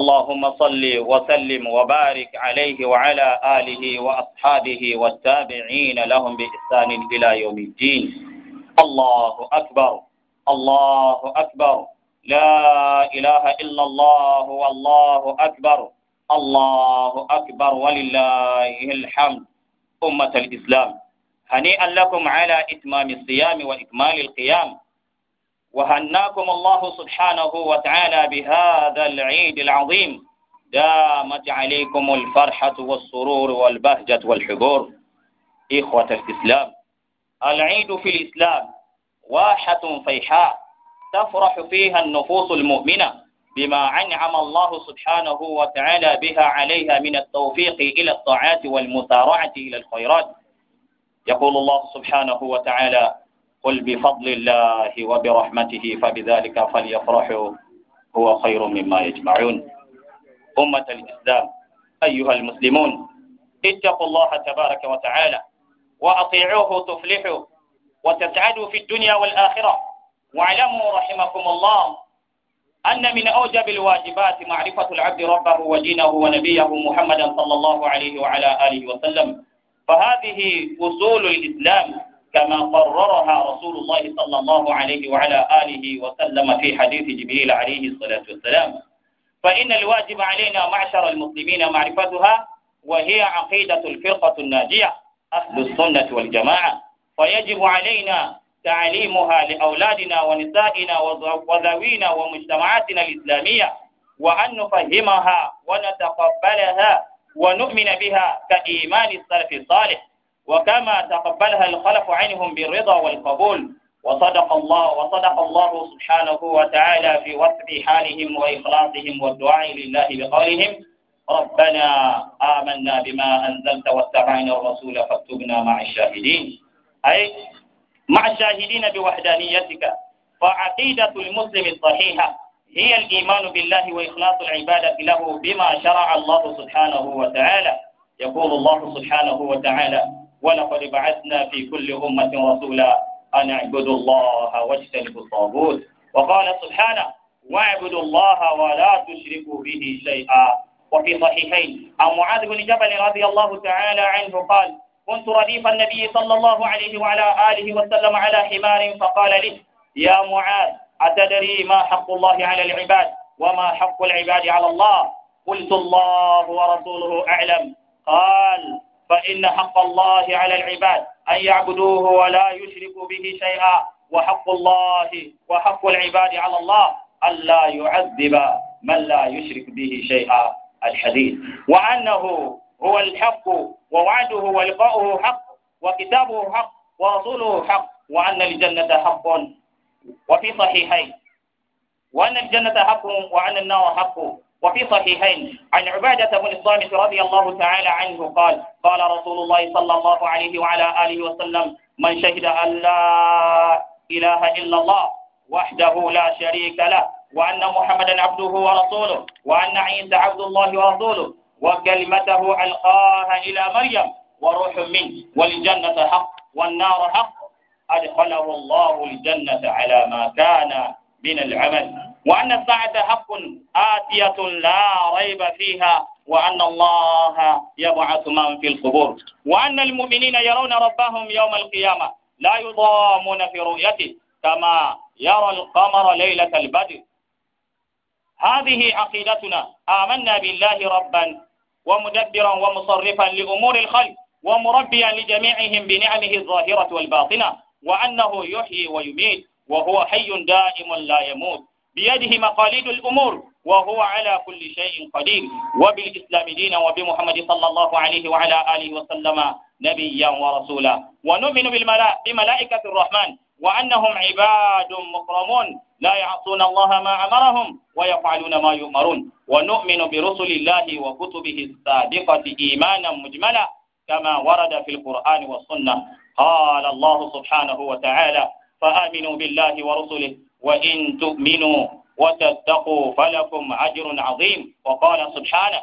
اللهم صل وسلم وبارك عليه وعلى آله وأصحابه والتابعين لهم بإحسان إلى يوم الدين الله أكبر الله أكبر لا إله إلا الله والله أكبر الله أكبر ولله الحمد أمة الإسلام هنيئا لكم على إتمام الصيام وإكمال القيام وهناكم الله سبحانه وتعالى بهذا العيد العظيم دامت عليكم الفرحة والسرور والبهجة والحبور إخوة الإسلام العيد في الإسلام واحة فيحاء تفرح فيها النفوس المؤمنة بما أنعم الله سبحانه وتعالى بها عليها من التوفيق إلى الطاعات والمسارعة إلى الخيرات يقول الله سبحانه وتعالى قل بفضل الله وبرحمته فبذلك فليفرحوا هو خير مما يجمعون أمة الإسلام أيها المسلمون اتقوا الله تبارك وتعالى وأطيعوه تفلحوا وتسعدوا في الدنيا والآخرة واعلموا رحمكم الله أن من أوجب الواجبات معرفة العبد ربه ودينه ونبيه محمدا صلى الله عليه وعلى آله وسلم فهذه أصول الإسلام كما قررها رسول الله صلى الله عليه وعلى آله وسلم في حديث جبريل عليه الصلاة والسلام فإن الواجب علينا معشر المسلمين معرفتها وهي عقيدة الفرقة الناجية أهل السنة والجماعة فيجب علينا تعليمها لأولادنا ونسائنا وذوينا ومجتمعاتنا الإسلامية وأن نفهمها ونتقبلها ونؤمن بها كإيمان السلف الصالح وكما تقبلها الخلف عنهم بالرضا والقبول وصدق الله وصدق الله سبحانه وتعالى في وصف حالهم وإخلاصهم والدعاء لله بقولهم ربنا آمنا بما أنزلت واتبعنا الرسول فاكتبنا مع الشاهدين أي مع الشاهدين بوحدانيتك فعقيدة المسلم الصحيحة هي الإيمان بالله وإخلاص العبادة له بما شرع الله سبحانه وتعالى يقول الله سبحانه وتعالى ولقد بعثنا في كل أمة رسولا أن اعبدوا الله واجتنبوا الطاغوت وقال سبحانه واعبدوا الله ولا تشركوا به شيئا وفي صحيحين عن معاذ بن جبل رضي الله تعالى عنه قال كنت رديف النبي صلى الله عليه وعلى آله وسلم على حمار فقال لي يا معاذ أتدري ما حق الله على العباد وما حق العباد على الله قلت الله ورسوله أعلم قال فإن حق الله على العباد أن يعبدوه ولا يشركوا به شيئا وحق الله وحق العباد على الله ألا يعذب من لا يشرك به شيئا الحديث وأنه هو الحق ووعده ولقاؤه حق وكتابه حق ورسوله حق وأن الجنة حق وفي صحيحين وأن الجنة حق وأن النار حق وفي صحيحين عن عبادة بن الصامت رضي الله تعالى عنه قال قال رسول الله صلى الله عليه وعلى آله وسلم من شهد أن لا إله إلا الله وحده لا شريك له وأن محمدا عبده ورسوله وأن عيسى عبد الله ورسوله وكلمته ألقاها إلى مريم وروح منه والجنة حق والنار حق أدخله الله الجنة على ما كان من العمل وأن الساعة حق آتية لا ريب فيها وأن الله يبعث من في القبور وأن المؤمنين يرون ربهم يوم القيامة لا يضامون في رؤيته كما يرى القمر ليلة البدر هذه عقيدتنا آمنا بالله ربا ومدبرا ومصرفا لأمور الخلق ومربيا لجميعهم بنعمه الظاهرة والباطنة وأنه يحيي ويميت وهو حي دائم لا يموت بيده مقاليد الأمور وهو على كل شيء قدير وبالإسلام دينا وبمحمد صلى الله عليه وعلى آله وسلم نبيا ورسولا ونؤمن بملائكة الرحمن وأنهم عباد مكرمون لا يعصون الله ما أمرهم ويفعلون ما يؤمرون ونؤمن برسل الله وكتبه الصادقة إيمانا مجملا كما ورد في القرآن والسنة قال الله سبحانه وتعالى فآمنوا بالله ورسله وإن تؤمنوا وتتقوا فلكم أجر عظيم وقال سبحانه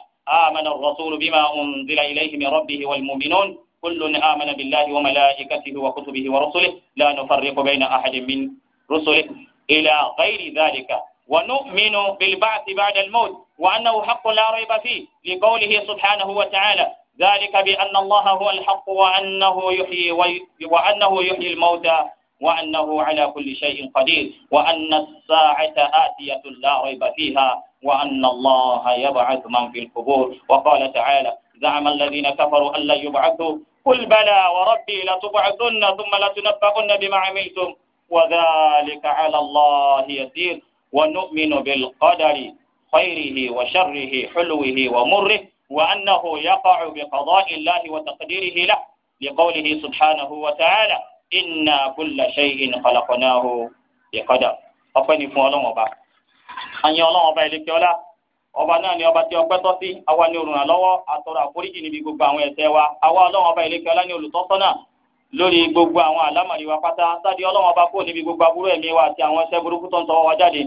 آمن الرسول بما أنزل إليه من ربه والمؤمنون كل آمن بالله وملائكته وكتبه ورسله لا نفرق بين أحد من رسله إلى غير ذلك ونؤمن بالبعث بعد الموت وأنه حق لا ريب فيه لقوله سبحانه وتعالى ذلك بأن الله هو الحق وأنه يحيي, وي... وأنه يحيي الموتى وأنه على كل شيء قدير وأن الساعة آتية لا ريب فيها وأن الله يبعث من في القبور وقال تعالى زعم الذين كفروا أن لا يبعثوا قل بلى وربي لتبعثن ثم لتنبؤن بما عملتم وذلك على الله يسير ونؤمن بالقدر خيره وشره حلوه ومره وأنه يقع بقضاء الله وتقديره له لقوله سبحانه وتعالى inna kulla shay'in khalaqnahu biqadar ọpẹ́ ni fún Ọlọ́run ọba àyìn Ọlọ́run ọba ilé kíọlá ọba náà ni ọba tí ọpẹ́ tọ́ sí àwa ni olùrànlọ́wọ́ àtọrọ àforíjì níbi gbogbo àwọn ẹ̀ṣẹ̀ wa àwa Ọlọ́run ọba ilé kíọlá ni olùtọ́sọ́nà lórí gbogbo àwọn àlámọ̀rí wa pátá sáde Ọlọ́run ọba kó níbi gbogbo aburú ẹ̀mí wa àti àwọn ẹ̀ṣẹ̀ burúkú tó ń tọwọ́ wa jáde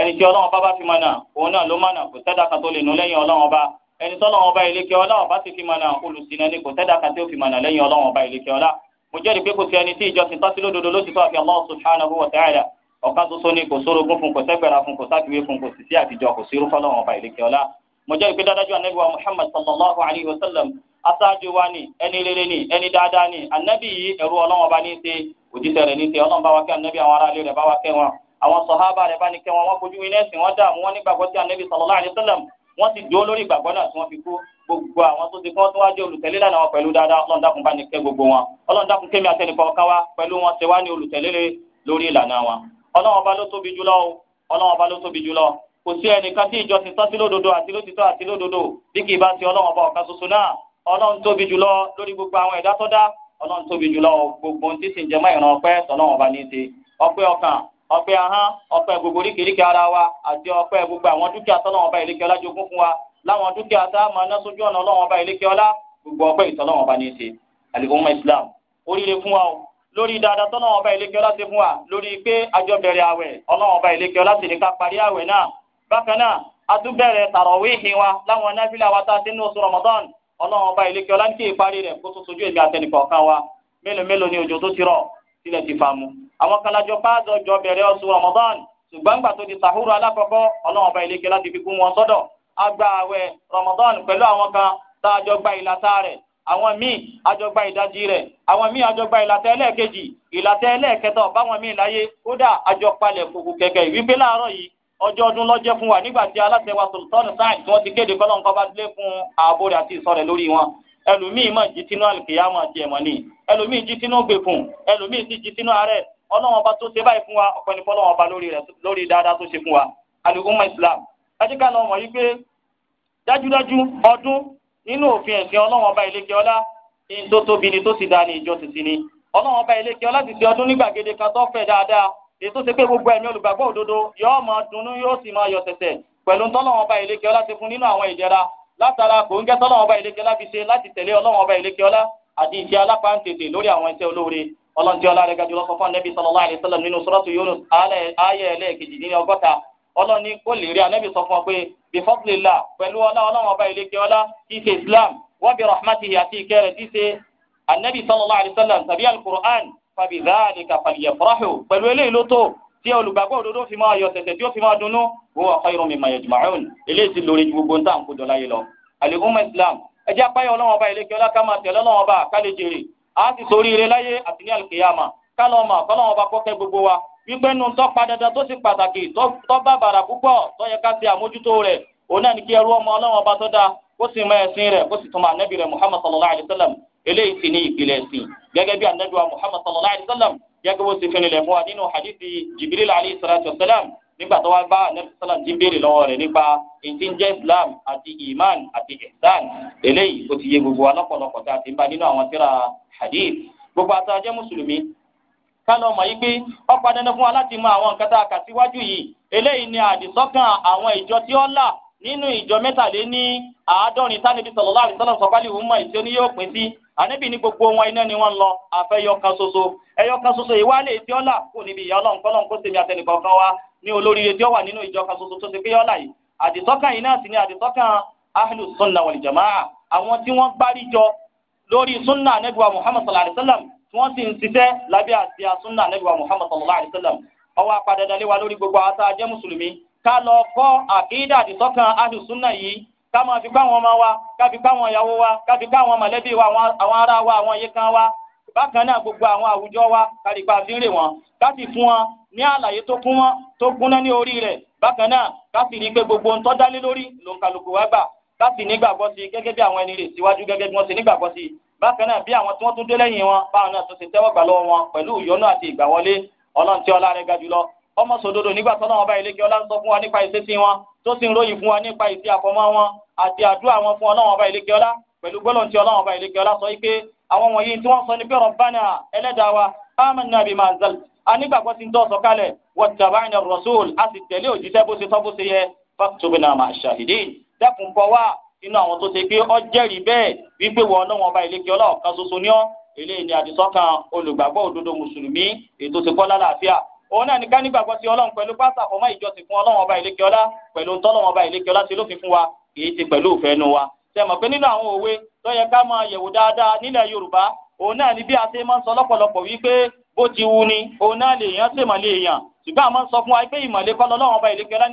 ẹni tí Ọlọ́run ọba bá fi mọ̀nà òun náà ló mọ̀nà kò sẹ́dá kan tó lè nù lẹ́yìn Ọlọ́run ọba ẹni tọ́lọ́run ọba ilé kíọlá ọba ti fi mọ̀nà olùsìnà ni kò sẹ́dá kan tó fi mọ̀nà lẹ́yìn Ọlọ́run ọba ilé kíọlá mo jẹ́rìí pé kò sí ẹni tí ìjọsìn tọ́sí lódodo ló ti tọ́ àfi Allah subhanahu wa ta'ala ọ̀kan ṣoṣo ni kò sórogún fún kò sẹ́gbẹ̀rà fún kò sáfiwé fún kò sì sí àtijọ́ kò sí irúfọ́ lọ́wọ́ ọba ìlẹ̀kẹ́ ọlá mo jẹ́rìí pé dáadájú anabi wa Muhammad sallallahu alayhi wa sallam aṣáájú wa ni ẹni rere ni ẹni dáadáa ni anabi yìí ẹrú ọlọ́wọ́ bá ní í ṣe òjíṣẹ́ rẹ̀ ní í ṣe ọlọ́wọ́ bá wa kẹ́ anabi àwọn aráalé rẹ̀ bá wa kẹ́ wọn àwọn sọ̀hábà wọ́n ti dúró lórí ìgbàgbọ́ náà tí wọ́n fi kú gbogbo àwọn tó ti kọ́ tó wájú olùtẹ̀lé lánàá wọn pẹ̀lú dáadáa ọlọ́run dákun bá ní kẹ́ gbogbo wọn ọlọ́run dákun kémi àtẹnìkọ́ káwá pẹ̀lú wọn ṣe wá ní olùtẹ̀lé lórí ìlànà wọn ọlọ́run ọba ló tóbi jùlọ o ọlọ́run ọba ló tóbi jùlọ kò sí ẹnìkan tí ìjọ ti tán sí lódodo àti lótìtọ́ àti lódodo bí kì í bá ti ọlọ́run ọba ọ̀kan ṣoṣo náà ọlọ́run tóbi jùlọ lórí gbogbo àwọn ẹ̀dá tó dá ọlọ́run tóbi jùlọ ọpẹ́ ahọ́n ọpẹ́ gbogbo oríkèéríkèé ara wa àti ọpẹ́ gbogbo àwọn dúkìá tọ́lọ́wọ́n ọba ìlékè ọlá jogún fún wa láwọn dúkìá tá a máa ná sójú ọ̀nà ọlọ́wọ́n ọba ìlékè ọlá gbogbo ọpẹ́ ìtọ́lọ́wọ́n ọba ní í ṣe àlùkòmọ́ Islam oríire fún wa o lórí dáadáa tọ́lọ́wọ́n ọba ìlékè ọlá ṣe fún wa lórí pé àjọ bẹ̀rẹ̀ àwẹ̀ ọlọ́wọ́n ọba ìlékè ọlá sì ní ká parí àwẹ̀ náà bákan náà a tún bẹ̀rẹ̀ tàràwíhì wa láwọn náfìlà wa tá a ti ní oṣù Ramadan ọlọ́wọ́n ọba ìlékè ọlá ní kí ìparí rẹ̀ kó tó sojú èmi àtẹnìkọ̀ọ̀kan wa mélòó mélòó ni òjò tó ti rọ̀ sílẹ̀ ti fa mu. àwọn kalajọ páàzọ jọ bẹ̀rẹ̀ oṣù Ramadan ṣùgbọ́n gbà tó di sàhúrù alákọ̀ọ́kọ́ ọlọ́run ọba ìlẹ́kẹ́ láti fi kún wọn sọ́dọ̀ a gba àwẹ̀ Ramadan pẹ̀lú àwọn kan tá a jọ gba ìlàta rẹ̀ àwọn míì àjọgbá ìdajì rẹ̀ àwọn míì àjọgbá ìlàtẹ ẹlẹ́ẹ̀kejì ìlàtẹ ẹlẹ́ẹ̀kẹta ọbáwọn míì láyé kódà àjọpalẹ̀ kòkò kẹ̀kẹ́ ìwípé láàárọ̀ yìí ọjọ́ ọdún lọ́jẹ́ fún wa nígbà tí aláṣẹ wa Sultan Said tí wọ́n ti kéde kọ́lọ́nkọ́ ẹlòmíì máa jí sínú àlùkìyàmọ àti ẹmọ ni ẹlòmíì jí sínú gbèkùn ẹlòmíì sì jí sínú àárẹ̀ Ọlọ́run ọba tó ṣe báyìí fún wa ọpẹ́ ní fọ́lọ́run ọba lórí dáadáa tó ṣe fún wa alùpùpù Islam ẹjẹ ká lọ mọ̀ yìí pé dájúdájú ọdún nínú òfin ẹ̀sìn Ọlọ́run ọba ìlẹkẹ ọlá ní tó tóbi ni tó sì dá ní ìjọ títí ni Ọlọ́run ọba ìlẹkẹ ọlá ti ṣe ọdún ní gbàgede kan tó fẹ̀ dáadáa ètò ṣe pé gbogbo ẹ̀mí olùgbàgbọ́ òdodo yóò máa dunnú yóò sì máa yọ̀ tẹ̀tẹ̀ pẹ̀lú tọ́lọ́run ọba ìlẹkẹ ọlá ti fún nínú àwọn ìdẹ̀ra látara kò ń gẹ́tọ́ ọlọ́run ọba ìlékè láfi ṣe láti tẹ̀lé ọlọ́run ọba ìlékè ọlá àti ìṣe alápáǹtètè lórí àwọn iṣẹ́ olóore ọlọ́ntì ọlá rẹ̀ gajù lọ́sọ̀fọ́n nẹ́bí sallallahu alaihi wasallam nínú suratu Yunus ayé ẹlẹ́ẹ̀kejì ní ọgọ́ta ọlọ́ni kò lè rí anẹ́bí sọ fún ọ pé bifadlillah pẹ̀lú ọlá ọlọ́run ọba ìlékè ọlá tí ṣe Islam wa bi rahmatihi àti ìkẹ́ rẹ̀ tí ṣe anẹ́bí sallallahu tí olùgbàgbọ́ òdodo fi máa yọ tẹ̀tẹ̀ tí ó fi máa dunnú huwa khayrun mimma yajma'un eléyìí ti lórí ju gbogbo nǹkan kó dọ̀la yìí lọ. àlèkùnmọ́ islam ẹ jẹ́ apáyọ ọlọ́wọ́n ọba ilé kí ọlá ká máa tẹ̀lé ọlọ́wọ́n ọba ká lè jèrè á ti sórí ire láyé àti ní àlùkìyàmà ká lọ́wọ́ mà kọ́lọ́wọ́n ọba kọ́kẹ́ gbogbo wa wípé nu tó pa dandan tó sì pàtàkì tó bá bàrà púpọ̀ tó yẹ ká ṣe àmójútó rẹ̀ òun náà ní kí muhammad sallallahu alayhi wa sallam eléyìí sì ní ìpìlẹ̀ ẹ̀sìn muhammad sallallahu alayhi wa sallam gẹ́gẹ́ bó ti fi rinlẹ̀ fún wa nínú hadithi jibril alayhi salatu wa salam nígbà tó wá bá anabi sallam ti béèrè lọ́wọ́ rẹ̀ nípa ètí ń jẹ́ islam àti iman àti ihsan eléyìí ó ti yé gbogbo wa lọ́pọ̀lọpọ̀ tá a ti ń bá nínú àwọn tíra hadith gbogbo àtàjẹ́ mùsùlùmí kálọ̀ mọ̀ yí pé ọ̀pá dandan fún wa láti mọ àwọn nǹkan tá a kà síwájú yìí eléyìí ni àdìsọ́kàn àwọn ìjọ tí ó là nínú ìjọ mẹ́tàléní àádọ́rin tánibí sallallahu alaihi wasallam sọ̀pálì ìwúmọ̀ ìṣẹ́ yóò pín sí ànábì ní gbogbo wọn iná ni wọ́n lọ àfẹ́yọ kan ṣoṣo ẹyọ kan ṣoṣo yìí wá lè tí ọlà kù níbi ìyá Ọlọ́run kọlọrun kó sèmi àtẹnìkọ̀ọ̀kan wa ní olóríire tí ó wà nínú ìjọ kan ṣoṣo tó ti pé ọlà yìí àdìsọ́kàn yìí sì ni àdìsọ́kàn ahlu sunna wal jamaa àwọn tí wọ́n gbárí jọ lórí sunna anabiwa muhammad sallallahu alayhi wa sallam tí wọ́n sì ń ṣiṣẹ́ lábẹ́ àti sunna anabiwa muhammad sallallahu alayhi wa sallam ọwọ́ apàdàdàlẹ́wà lórí gbogbo àwọn tá a jẹ́ mùsùlùmí ká lọ kọ́ àkídà àdìsọ́kàn ahlu sunna yìí ká máa fi bá àwọn ọmọ wa ká fi bá àwọn ìyàwó wa ká fi bá àwọn mọ̀lẹ́bí wa àwọn ará wa àwọn yíkan wa bákan náà gbogbo àwọn àwùjọ wa kárí pa fi ń rè wọn ká sì fún wọn ní àlàyé tó kún wọn tó kúnná ní orí rẹ̀ bákan náà ká sì rí i pé gbogbo ohun dálé lórí ló ń kálukú wa gbà ká sì nígbàgbọ́ sí i gẹ́gẹ́ bí àwọn ẹni rè síwájú gẹ́gẹ́ bí wọ́n ṣe nígbàgbọ́ sí i bákan náà bí àwọn tí wọ́n tún dé lẹ́yìn wọn báwọn náà tún ṣe tẹ́wọ́ gbà lọ́wọ́ wọn pẹ̀lú ìyọ́nú àti ìgbàwọlé ọlọ́run tí ọlá rẹ̀ ga jùlọ ọmọ sòdodo nígbà tọ́lọ́wọ́n bá ilé kí ọlá ń sọ fún wa nípa ìṣesí wọn tó sì ń ròyìn fún wa nípa ìsí àfọmọ́ wọn àti àdúrà wọn fún ọlọ́wọ́n ọba ìlékè ọlá pẹ̀lú gbọ́dọ̀ tí ọlọ́wọ́n ọba ìlékè ọlá sọ wípé àwọn wọ̀nyí tí wọ́n sọ ní bẹ́ẹ̀ rọ̀bánà ẹlẹ́dàá wa amanna bima anzal anígbàgbọ́ ti ń tọ́ sọ̀kalẹ̀ wattaba'na ar-rasul a sì tẹ̀lé òjíṣẹ́ bó ṣe tọ́ bó ṣe yẹ faktubna ma'a shahidin dẹ́kun bọ̀ wá inú àwọn tó ṣe pé ó jẹ́rìí bẹ́ẹ̀ òun náà ní ká nígbàgbọ́ sí ọlọ́run pẹ̀lú pásá ọmọ ìjọsìn fún ọlọ́run ọba ìlékiọlá pẹ̀lú ntọ́lọ́run ọba ìlékiọlá ṣe lófin fún wa kì í ti pẹ̀lú ìfẹ́ nu wa ṣe mọ̀ pé nínú àwọn òwe tó yẹ ká máa yẹ̀wò dáadáa nílẹ̀ yorùbá òun náà ní bí a ṣe máa ń sọ lọ́pọ̀lọpọ̀ wípé bó ti wu ni òun náà lè yàn ṣèmọ̀ lè yàn ṣùgbọ́n àmọ́ sọ fún wa pé ìmọ̀lẹ́ kọ́ ọba ìlékiọlá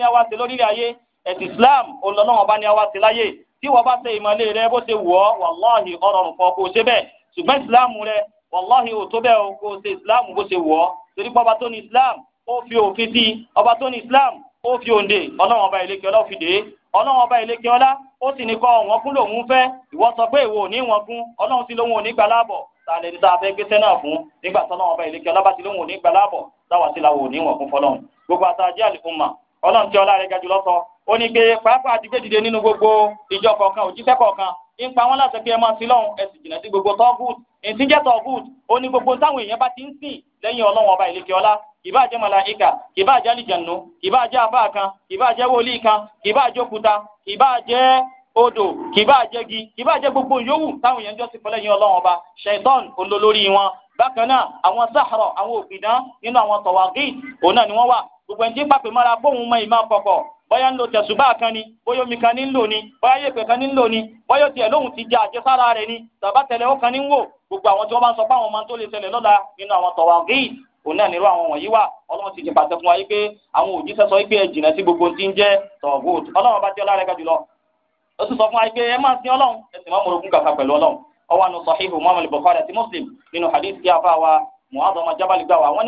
islam òun lọ́wọ́ ọba ní àwa ṣe láyé tí wọ́n bá ṣe ìmọ̀lẹ́ rẹ bó ṣe wù ọ́ wàláhì ọ̀rọ̀ nǹkan kò ṣe bẹ́ẹ̀ ṣùgbọ́n torí pé ọba tó ní islam ó fi òfin sí ọba tó ní islam ó fi òǹdè ọlọ́run ọba ìlékè ọlá fi dé ọlọ́run ọba ìlékè ọlá ó sì ní kọ́ ọ̀wọ́n kún lòun fẹ́ ìwọ sọ pé ìwọ ò ní wọn kún ọlọ́run sí lòun ò ní gbà láàbọ̀ tààlẹ́ ní tá a fẹ́ gbé sẹ́nà fún nígbà tọ́lọ́run ọba ìlékè ọlá bá ti lòun ò ní gbà láàbọ̀ táwa sí làwọn ò ní wọn kún fọlọ́run gbogbo àtàjẹ́ àlìkún mà ọlọ́run tí ọlá rẹ̀ ga jùlọ sọ ó ní pé pàápàá ti gbé dìde nínú gbogbo ìjọ kọ̀ọ̀kan òjíṣẹ́ nípa wọn láti pé ẹ máa sin lọ́hùn ẹ sì jìnnà sí gbogbo tọ́gùd ìtìjẹ́ tọ́gùd ó ní gbogbo táwọn èèyàn bá ti ń sìn lẹ́yìn ọlọ́run ọba ìlẹ́kẹ̀ ọlá kìbá jẹ́ màláíkà kìbá jẹ́ àlìjànú kìbá jẹ́ àfáà kan kìbá jẹ́ wòlíì kan kìbá jẹ́ òkúta kìbá jẹ́ odò kìbá jẹ́ gi kìbá jẹ́ gbogbo yòówù táwọn èèyàn jọ sí fún lẹ́yìn ọlọ́run ọba ṣẹ̀tọ́n olólórí wọn bákan náà àwọn sáhárà àwọn òpìdán nínú àwọn tọ̀wàgì òun náà ni wọ́n wà gbogbo ẹni tí mọ́ra bóun mọ ìmọ̀ kọ̀kọ̀ bọ́yá ń lo tẹ̀sùbá kan ni bóyá omi kan ní ń lò ni bóyá yèpẹ̀ kan ní ń lò ni bóyá tiẹ̀ lóhùn ti jẹ àjẹsára rẹ̀ ni tàbá tẹ̀lé ó kan ní ń wò gbogbo àwọn tí wọ́n bá ń sọ pé àwọn ọmọ tó lè ṣẹlẹ̀ lọ́la nínú àwọn tọ̀wá gíì òun náà àwọn wọ̀nyí wà ọlọ́run ti jìpàṣẹ fún wa yí àwọn òjíṣẹ́ sọ pé ẹ jìnà sí gbogbo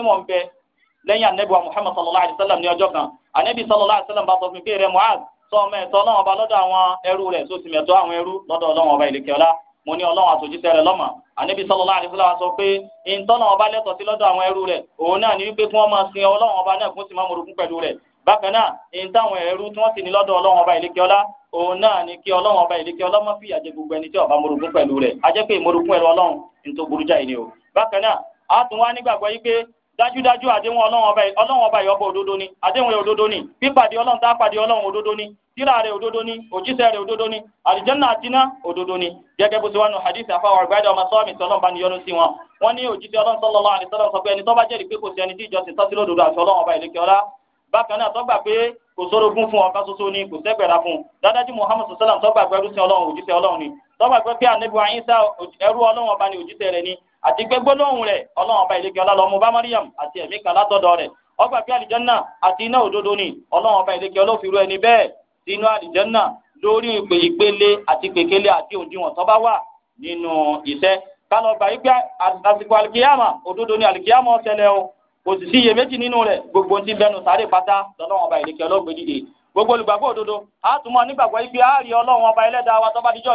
ń jẹ́ lẹ́yìn anabi wa muhammad sallallahu alayhi wa sallam ní ọjọ́ kan anabi sallallahu alayhi wa sallam bá sọ fún mi pé rẹ muaz sọ ọmọ ẹ̀tọ́ ọlọ́run ọba lọ́dọ̀ àwọn ẹrú rẹ̀ sọ sìmì àwọn ẹrú lọ́dọ̀ ọlọ́run ọba ìlẹ̀kẹ́ ọlá mo ní ọlọ́run àtòjíṣẹ́ rẹ̀ lọ́mọ anabi sallallahu alayhi wa sallam sọ pé ìtọ́nà ọba lẹ́tọ̀ sí lọ́dọ̀ àwọn ẹrú rẹ̀ òun náà ní wípé kí wọ́n máa sin ọlọ́run ọba náà kún sí máa morogún pẹ̀lú rẹ̀ bákan náà ìyẹn ẹrú tí wọ́n sì ní lọ́dọ̀ ọlọ́run ọba ìlẹ̀kẹ́ ọlá òun náà ni kí ọlọ́run ọba ìlẹ̀kẹ́ ọlá má fìyà jẹ gbogbo ẹni tí ọba morogún pẹ̀lú rẹ̀ ajẹ́ pé ìmorogún ẹ̀rọ ọlọ́run ní tó burú jáì ni o bákan náà a tún wá nígbàgbọ́ yí pé dájúdájú àdéhùn ọlọ́run ọba ìyọ́bọ̀ òdodo ni àdéhùn rẹ̀ òdodo ni pípàdé ọlọ́run tá a pàdé ọlọ́run òdodo ni tírà rẹ̀ òdodo ni òjíṣẹ́ rẹ̀ òdodo ni àlìjẹ́nà àtiná òdodo ni gẹ́gẹ́ bó ti wá nu hadith àfàwọn àgbáyé ọmọ sọ́ọ̀mì tí ọlọ́run bá ní yọ́nú sí wọn wọ́n ní òjíṣẹ́ ọlọ́run sallallahu alaihi wasallam sọ pé ẹni tó bá jẹ́rìí pé kò sí ẹni tí ìjọsìn tọ́sí lódodo àti ọlọ́run ọba ìlẹ́kẹ́ ọlá bákan náà tó gbà pé kò sórogún fún ọ̀kan ṣoṣo ni kò sẹ́gbẹ̀rà fún un dádájú Muhammad sallam tó gbà pé ẹrú sí ọlọ́run òjíṣẹ́ ọlọ́run ni tó gbà pé pé ànábì wa Ìsá ẹrú ọlọ́run ọba ni òjíṣẹ́ rẹ̀ ni àti pé gbólóhùn rẹ̀ ọlọ́run ọba ìlẹ́kẹ̀ ọlá lọ́mú bá Mariam àti ẹ̀mí kan látọ̀dọ̀ rẹ̀ ọgbà pé àlìjọ́nà àti iná òdodo ni ọlọ́run ọba ìlẹ́kẹ̀ olófinró ẹni bẹ́ẹ̀ sínú àlìjọ́nà lórí ìpè ìpele àti pèkele àti òdiwọ̀n tó bá wà nínú iṣẹ́ kálọ̀ gbà wípé àsìkò àlìkíyàmà òdodo ni àlìkíyàmà ó ṣẹlẹ̀ o kò sì sí iyèméjì nínú rẹ̀ gbogbo ti bẹnu sáré pátá lọ́lọ́run ọba ìlẹ́kẹ̀ ọlọ́gbẹ̀dìde gbogbo olùgbàgbọ́ òdodo àtúmọ̀ nígbàgbọ́ wípé àárí ọlọ́run ọba ẹlẹ́dàá wa tó bá dijọ́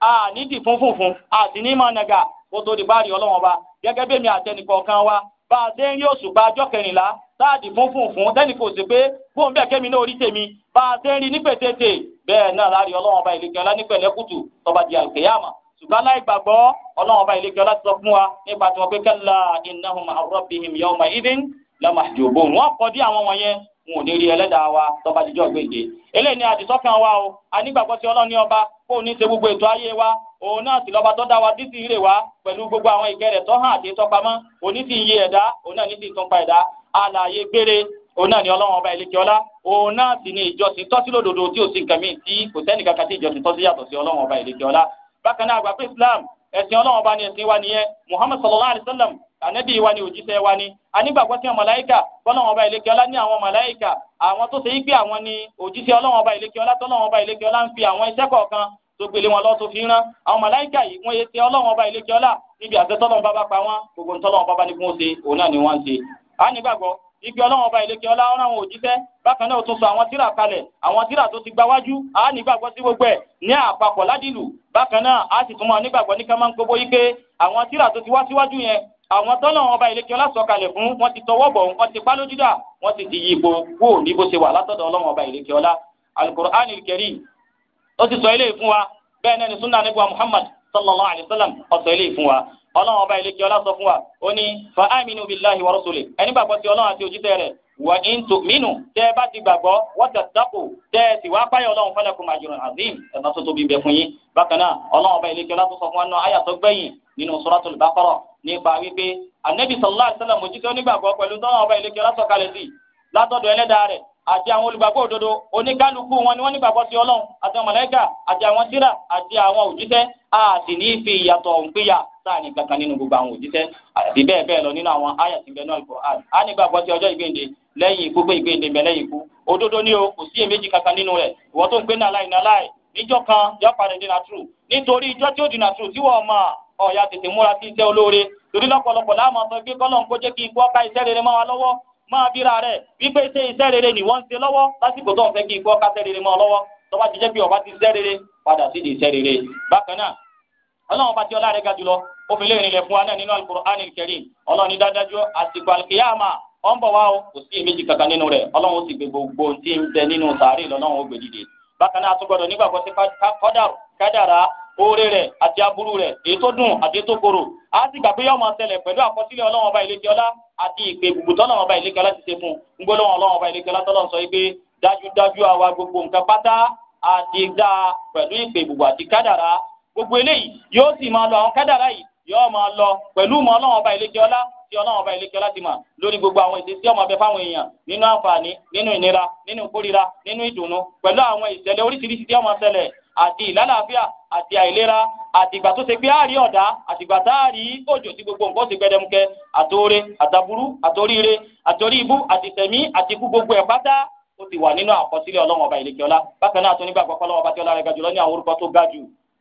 a nídìí fún funfun a sì ní máa nàgà kó tó di báàrí ọlọ́run ọba gẹ́gẹ́ bí èmi àtẹnìkọ̀ọ̀kan wa bá a dé ń rí òṣùpá ọjọ́ kẹrìnlá táàdì fún funfun tẹ́nì kò sí pé fóun bẹ́ẹ̀ kẹ́mi náà orí tèmi bá a dé ń rí nípètètè bẹ́ẹ̀ náà láàrin ọlọ́run ọba ìlẹ̀kẹ́ ọlá nípẹ̀lẹ́kùtù tọba di àlùkèyàmà ṣùgbọ́n láì gbàgbọ́ ọlọ́run ọba ìlẹ̀kẹ́ ọlá sọ fún wa nípa tí wọ́n pé kalla innahum an rabbihim yawma idhin lamahjubun wọ́n kọ́ dí àwọn wọ̀nyẹn wọn ò ní rí ẹlẹ́dàá wa tọba jíjọ́ gbèdé eléyìí ni àdìsọ́kàn wa o anígbàgbọ́ sí ọlọ́run ní ọba kóun ní ṣe gbogbo ètò ayé wa òun náà sì lọ́ba tó dá wa títí rè wá pẹ̀lú gbogbo àwọn ìkẹ́ tó hàn àti tọ́pamọ́ òní sì ń yé ẹ̀dá òun náà ní sì ń tún pa ẹ̀dá alààyè gbére òun náà ni ọlọ́run ọba ìlẹ́kẹ̀ ọlá òun náà sì ni ìjọsìn tọ́sí lódodo tí ò sí nǹkan míì tí kò sẹ́ni kankan tí ìjọsìn tọ́sí yàtọ̀ sí ọlọ́run ọba ìlẹ́kẹ̀ ọlá bákan náà àgbà pé Islam ẹ̀sìn ọlọ́run ọba ni ẹ̀sìn wa nìyẹn Muhammad sallallahu alayhi wa sallam ànábì wa ni òjíṣẹ́ wa ni anígbàgbọ́ tí wọn màláíkà bọ́lọ́wọ́n ọba ìlékè ọlá ní àwọn màláíkà àwọn tó ṣe wípé àwọn ni òjíṣẹ́ ọlọ́wọ́n ọba ìlékè ọlá tọ́lọ́wọ́n ọba ìlékè ọlá ń fi àwọn iṣẹ́ kọ̀ọ̀kan tó gbélé wọn lọ́tò fi rán àwọn màláíkà yìí wọ́n yẹ ṣe ọlọ́wọ́n ọba ìlékè ọlá níbi àṣẹ tọ́lọ́wọ́n bá bá pa wọn gbogbo tọ́lọ́wọ́n bá bá ní fún ṣe òun náà ni wọ́n ń ṣe. a nígbàgbọ́ ibi ọlọ́wọ́n ọba ìlékè ọlá ọ̀rọ̀ àwọn òjíṣẹ́ bákan náà ó tún sọ àwọn tíra kalẹ̀ àwọn tíra tó ti gbáwájú a nígbàgbọ́ sí gbogbo ẹ̀ ní àpapọ̀ ládìlú bákan náà a sì tún mọ nígbàgbọ́ ní ká máa ń gbogbo yí pé àwọn tíra tó ti wá síwájú yẹn àwọn tọ́lọ̀ wọn bá ilé kí ọlá sọ̀kalẹ̀ fún wọn ti tọwọ́ bọ̀ wọn ti pálójú dà wọn ti ti yí ipò wò ní bó ṣe wà látọ̀dọ̀ ọlọ́wọ́n ọba ilé kí ọlá alukur'an karim ó ti sọ eléyìí fún wa bẹ́ẹ̀ náà ni sunna nígbà muhammad sallallahu alayhi wa sallam ó sọ eléyìí fún wa ọlọ́wọ́n ọba ilé kí ọlá sọ fún wa ó ní fa aminu billahi wa rasuli ẹni gbàgbọ́ sí ọlọ́wọ́n àti òjíṣẹ́ rẹ̀ wa in tu'minu tẹ́ bá ti gbàgbọ́ wa tattaqu tẹ́ ẹ wá páyọ̀ ọlọ́run falakum ajrun azim ẹ̀ka tó tóbi bẹ̀ fún yín bákan náà ọlọ́run ọba ilé ọlá tó sọ fún wa náà ayàtọ̀ gbẹ̀yìn nínú suratul Baqara nípa wípé anabi sallallahu alaihi wasallam òjíṣẹ́ onígbàgbọ́ pẹ̀lú tọ́lá ọba ìlẹ́kẹ́ lásọ̀kalẹ̀ sí látọ̀dọ̀ ẹlẹ́dàá rẹ̀ àti àwọn olùgbàgbọ́ òdodo oníkálukú wọn ni wọ́n nígbàgbọ́ sí ọlọ́run àti àwọn mọ̀lẹ́kà àti àwọn tírà àti àwọn òjíṣẹ́ a sì ní fi ìyàtọ̀ òǹpìyà sáàní kankan nínú gbogbo àwọn òjíṣẹ́ àti bẹ́ẹ̀ bẹ́ẹ̀ lọ nínú àwọn àyà tí ń bẹ nínú Al-Qur'an a nígbàgbọ́ sí ọjọ́ ìgbéǹde lẹ́yìn ikú pé ìgbéǹde ń ni o kò sí èméjì kankan nínú rẹ̀ ìwọ tó ń gbé náà láì náà láì níjọ́ kan yọ padà ọ̀ya tètè múra sí iṣẹ́ olóore torí lọ́pọ̀lọpọ̀ láàmú sọ pé kọ́lọ́n kó jẹ́ kí ikú ọ̀ka iṣẹ́ rere máa wá lọ́wọ́ máa bíra rẹ̀ wípé iṣẹ́ iṣẹ́ rere ni wọ́n ń ṣe lọ́wọ́ lásìkò tó ń fẹ́ kí ikú ọ̀ka iṣẹ́ rere máa lọ́wọ́ tó ti jẹ́ pé ọba ti iṣẹ́ rere padà sí di iṣẹ́ rere bákan náà ọlọ́run bá ti ọlá rẹ̀ ga jùlọ ó fi léèrè ilẹ̀ fún wa náà nínú alukur'an kẹrin ọlọ́run ní àsìkò ó ń bọ̀ wá o kò sí èméjì kankan nínú rẹ̀ ọlọ́run gbogbo oore rẹ̀ àti aburú rẹ̀ èyí tó dùn àti èyí tó korò á sì gbà pé yọọ máa ṣẹlẹ̀ pẹ̀lú àkọsílẹ̀ Ọlọ́run ọba ìlẹkẹ ọlá àti ìpè gbùgbùtọ Ọlọ́run ọba ìlẹkẹ ọlá ti ṣe fún un gbólóhùn Ọlọ́run ọba ìlẹkẹ ọlá tọlọ sọ yìí pé dájúdájú àwa gbogbo nǹkan pátá àti dá pẹ̀lú ìpè gbùgbù àti kádàrá gbogbo eléyìí yóò sì máa lọ àwọn kádàrá yìí yóò máa lọ pẹ̀lú mọ Ọlọ́run ọba ìlẹkẹ ọlá tí ọlọ́run ọba ìlékè àti ìlàlàáfíà àti àìlera àtìgbà tó ṣe pé àárí ọ̀dá àtìgbà tá a rí òjò tí gbogbo nǹkan ti gbẹdẹmukẹ àtòore àtàbúrú àtòríire àtòrí ibú àtìsẹ̀mí àtikú gbogbo ẹ̀ pátá ó ti wà nínú àkọsílẹ̀ ọlọ́run ọba ìlẹ̀kẹ́ ọlá bákan náà tó nígbàgbọ́ pé ọlọ́run ọba tí ọlá rẹ̀ ga jùlọ ní àwọn orúkọ tó ga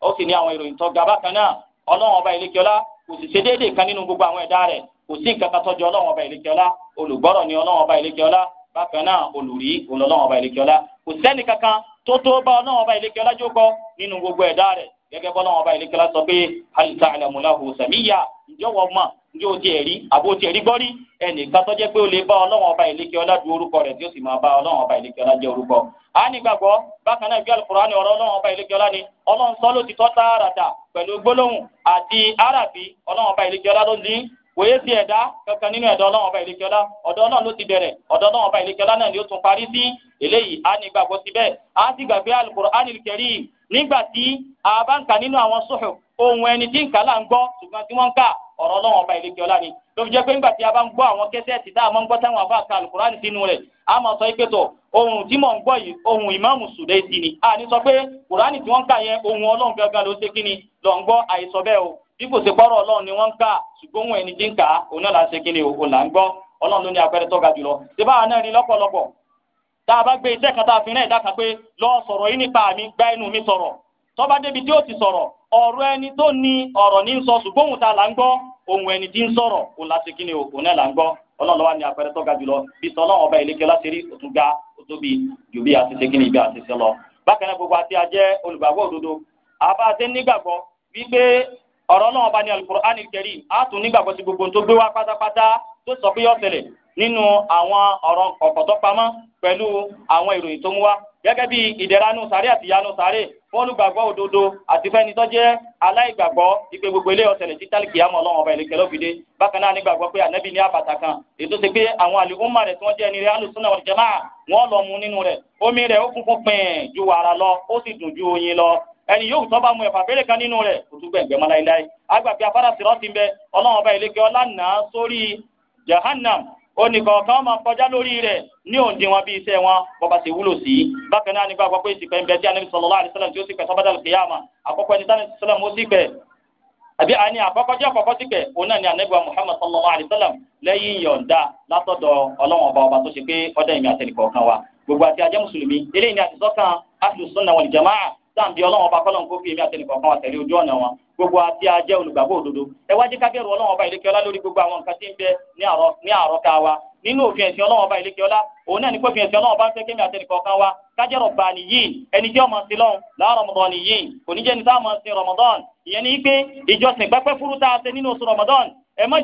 ó sì ní àwọn ìròyìn tó ga bákan náà ọlọ́run ìlẹ̀kẹ́ ọlá kò sì ṣe déédéé kan nínú gbogbo àwọn ẹ̀dá rẹ̀ kò sí nǹkan kan tọ́jú ọlọ́run ìlẹ̀kẹ́ ọlá olùgbọ́rọ̀ ni ọlọ́run ọba ìlẹ̀kẹ́ ọlá bákan náà olùrí òun ìlẹ̀kẹ́ ọlá kò sẹ́ni kankan tó tó bá ọlọ́run ọba ìlẹ́kẹ́ ọlájókọ nínú gbogbo ẹ̀dá rẹ̀ gẹ́gẹ́ bọ́ ọlọ́run ọba ìlẹ́kẹ́ ọlá sọ pé hal ta'lamu lahu samiyya ǹjọ́ wọ́n mọ̀ ti ẹ̀rí àbó ti ẹ̀rí gbọ́rí ẹnìkan tó jẹ́ pé ó lè bá ọba ìlẹ́kẹ́ ọlá du orúkọ rẹ̀ tí sì máa bá ọba ni ọlọ́run sọ ló ti tọ́ wòye sí ẹ̀dá kankan nínú ẹ̀dọ́ ọlọ́run ọba ìlẹ́kẹ́ọ́lá ọ̀dọ́ náà ló ti bẹ̀rẹ̀ ọ̀dọ́ náà ọba ìlẹ́kẹ́ọ́lá náà ni ó tún parí sí eléyìí á ní gbàgbọ́ síbẹ̀ á sì gbàgbé Al-Qur'anil Karim nígbà tí a bá ń kà nínú àwọn sùhù ohun ẹni tí ń kà là ń gbọ́ ṣùgbọ́n tí wọ́n ń kà ọ̀rọ̀ ọlọ́run ọba ìlẹ́kẹ́ọ́lá ni ló fi jẹ́ pé nígbà tí a bá ń gbọ́ àwọn kẹ́sẹ́ẹ̀tì tá a máa ń gbọ́ táwọn àbá ka alukurani sínú rẹ̀ a máa sọ pé tọ̀ ohun tí mò ń gbọ́ yìí ohun ìmáàmù sùdẹ́ sí ni a ní sọ pé kurani tí wọ́n ń kà yẹn ohun ọlọ́run gangan ló ṣe kí ni lọ́ ń gbọ́ àìsọ bẹ́ẹ̀ o bí kò sí pọ́rọ̀ ọlọ́run ni wọ́n ń kà ṣùgbọ́n òun ẹni tí ń kà òun náà là kí ni òun là ń gbọ́ ọlọ́run ló ní apẹ́rẹ́ tọ́ga jùlọ ṣébà àwọn náà rí lọ́pọ̀lọpọ̀ tá a bá gbé iṣẹ́ kan tá a fi rán ẹ̀dá kan pé lọ sọ̀rọ̀ yìí nípa mi gba ẹnu mi sọ̀rọ̀ tó débi tí ó ti sọ̀rọ̀ ọ̀rọ̀ ẹni tó ní ọ̀rọ̀ ní sọ ṣùgbọ́n òun ta là ń gbọ́ ohun ẹni tí sọ̀rọ̀ òun ni òun náà là ń gbọ́ ọlọ́run lọ́wọ́ ni apẹ̀rẹ̀ tọ́ga jùlọ bí sọ ni ibi àti ṣe lọ. bákan náà gbogbo àti ajẹ́ olùgbàgbọ́ òdodo àbá àti ọ̀rọ̀ náà bá ní alukur'an karim a tún nígbàgbọ́ sí gbogbo tó gbé wá pátápátá tó sọ pé yóò ṣẹlẹ̀ nínú àwọn ọ̀rọ̀ ọ̀pọ̀ tó pamọ́ pẹ̀lú àwọn ìròyìn tó ń wá gẹ́gẹ́ bí ìdẹ̀ranú sáré àti ìyanu sáré fún olùgbàgbọ́ òdodo àti fẹ́ni tó jẹ́ aláìgbàgbọ́ ìpè gbogbo ilé ọ̀sẹ̀lẹ̀ tí tálíkì àmọ́ ọlọ́run ọba ìlẹ̀kẹ́ lọ́fìdé bákan náà nígbàgbọ́ pé ànábì ní àbàtà kan ètò ṣe pé àwọn àlùkùnmá rẹ̀ tí wọ́n jẹ́ ẹni rẹ̀ alùsùnà wal jamaa wọ́n lọ mu nínú rẹ̀ omi rẹ̀ ó funfun pin ju wàrà lọ ó sì dùn ju oyin lọ ẹni yóò tọ́ bá mu ẹ̀fà fèrè kan nínú rẹ̀ kò tún gbẹ̀ngbẹ̀ mọ́ láéláé agbàgbé afárá sírọ́ ti bẹ ọlọ́run ọba ìlékè ọlá nà á sórí jahannam onìkọ̀ọ̀kan máa kọjá lórí rẹ̀ ní òǹdíwọ̀n bí iṣẹ́ wọn bọ́ba ti wúlò sí bákan náà nígbà àkọ́kọ́ ìsìnkẹ́ ń bẹ tí anabi sallallahu alaihi wasallam tí ó sì pẹ́ sọ́bàdà al àkọ́kọ́ ẹni sọ́bàdà al-qiyama ó ọba ọba tó ṣe sáǹdì ọlọ́wọ́n ọba kọ́lọ́n kó fi èmi àtẹnìkọ̀ kan wà tẹ̀lé ojú ọ̀nà wọn gbogbo àti ajẹ́ olùgbàgbọ́ òdodo ẹ wá jẹ́ kábẹ́rù ọlọ́wọ́n ọba ìlékè ọlá lórí gbogbo àwọn nǹkan tí ń bẹ ní àrọ́ká wa nínú òfin ẹ̀sìn ọlọ́wọ́n ọba ìlékè ọlá òun náà ní pé òfin ẹ̀sìn ọlọ́wọ́n ọba ń fẹ́ kémi àtẹnìkọ̀ kan wa kájẹ́ rọ̀bà nìyín ẹni tí ọmọ sílọ̀ láàárọ̀ mọ̀dán nìyín mọ̀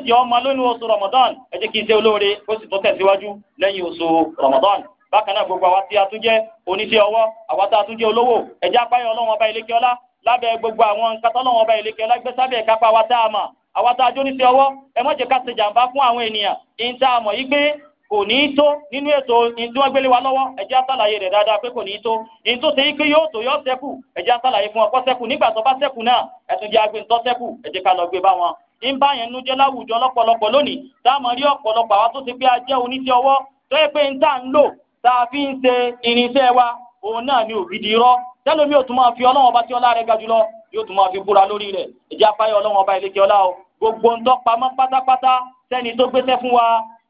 jẹ́ ọmọ lónìí oṣù rọ̀mọ̀dán ẹ jẹ́ kí n ṣe olóore ó sì tó tẹ̀síwájú lẹ́yìn oṣù rọ̀mọ̀dán bákan náà gbogbo àwa tí a tún jẹ́ oníṣẹ́ ọwọ́ àwa tá a tún jẹ́ olówó ẹ̀já apáyọ̀ ọlọ́run ọba ìlékẹ́ ọlá lábẹ́ gbogbo àwọn nǹkan tọ́lọ́run ọba ìlékẹ́ ọlá gbé sábẹ́ ìkápá wa tá a mọ̀ àwa tá a jó oníṣẹ́ ọwọ́ ẹ má jẹ́ ká ṣe jàǹbá fún àwọn ènìyàn ìyìn tá a mọ̀ yí pé kò ní í tó nínú ètò ìdúnwẹ́gbélé wa lọ́wọ́ ẹ̀jẹ̀ àtàlàyé rẹ̀ dáadáa pé kò ní í tó ìyìn tó ṣe yí pé yóò tó yọ sẹ́kù ẹ̀jẹ̀ àtàlàyé fún ọkọ sẹ́kù nígbà tó bá sẹ́kù náà ẹ̀tún jẹ́ agbẹ̀ntọ́ sẹ́kù ẹ̀jẹ̀ ká lọ gbé bá wọn ń bá yẹn nu láwùjọ lọ́pọ̀lọpọ̀ lónìí táwọn rí ọ̀pọ̀lọpọ̀ àwa tó ti pé ajẹ́ oníṣẹ́ ọwọ́ tó yẹ pé ń tà ń lò tá a fi ń ṣe irinṣẹ́ wa òun náà ni òbí di irọ́ tẹ́lómi ò tún máa fi ọlọ́run ọba tí ọlá rẹ̀ ga jùlọ yóò tún máa fi búra lórí rẹ̀ ìjà apáyọ ọlọ́run ọba ìlẹkẹ ọlá o gbogbo ń tọpamọ pátápátá sẹni tó gbéṣẹ́ fún wa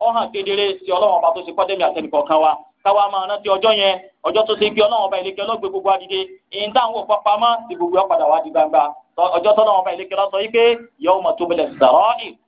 ọhàn kedere sí ọlọ́run ọba tó ṣe kọdẹmí àtẹnìkọ̀ọ̀kan wa káwa máa rántí ọjọ́ yẹn ọjọ́ tó ṣe kí ọlọ́run ọba ìlẹkẹ ọlọgbẹ gbogbo adìde ìyìn tá à ń wò pọpamọ ti gbogbo ọpadà wá di gbangba ọjọ́ tọlọ́run ọba ìlẹkẹ lọsọ yìí pé yọọ mọ tó bẹlẹ sàrọ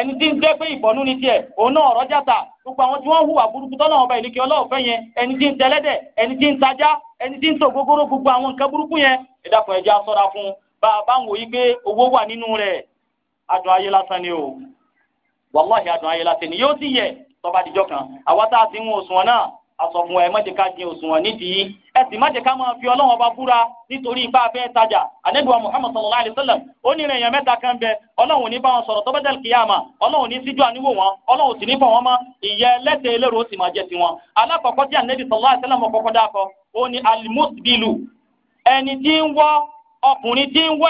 ẹni tí ń jẹ́ pé ìbọ̀nú ni tiẹ̀ òun náà ọ̀rọ̀ jàtà gbogbo àwọn tí wọ́n hùwà burúkú tọ́nà ọba ìlíkẹ́ ọlọ́ọ̀fẹ́ yẹn ẹni tí ń tẹlẹ́dẹ̀ ẹni tí ń tajá ẹni tí ń tò gógóró gbogbo àwọn nǹkan burúkú yẹn ìdàpọ̀ ẹ̀jẹ̀ aṣọ́ra fún un bá a bá ń wòye pé owó wà nínú rẹ̀ adùn ayé lásán ni o wàláhì adùn ayé lásán ni yóò sì yẹ tọ́ba àdìjọ kan àwa tá a ti ń wo asọ̀fún ẹ má jẹ́ ká jin òṣùwọ̀n nídìí ẹ sì má jẹ́ ká máa fi ọlọ́run ọba búra nítorí ipá abẹ́ tajà ànábì wa muhammad sallallahu alayhi wa sallam ó ní ìrìnyàn mẹ́ta kan bẹ ọlọ́run ò ní bá wọn sọ̀rọ̀ tó bá dé kíyàmà ọlọ́run ò ní síjú àníwò wọn ọlọ́run ò sì ní fọ̀ wọn mọ́ ìyẹ́ ẹlẹ́tẹ̀ elérò ó sì máa jẹ tiwọn. alákọ̀ọ́kọ́ tí ànábì sallallahu alayhi wa sallam kọ́kọ́ dákọ ó ní alimusbilu ẹni tí ń wọ ọkùnrin tí ń wọ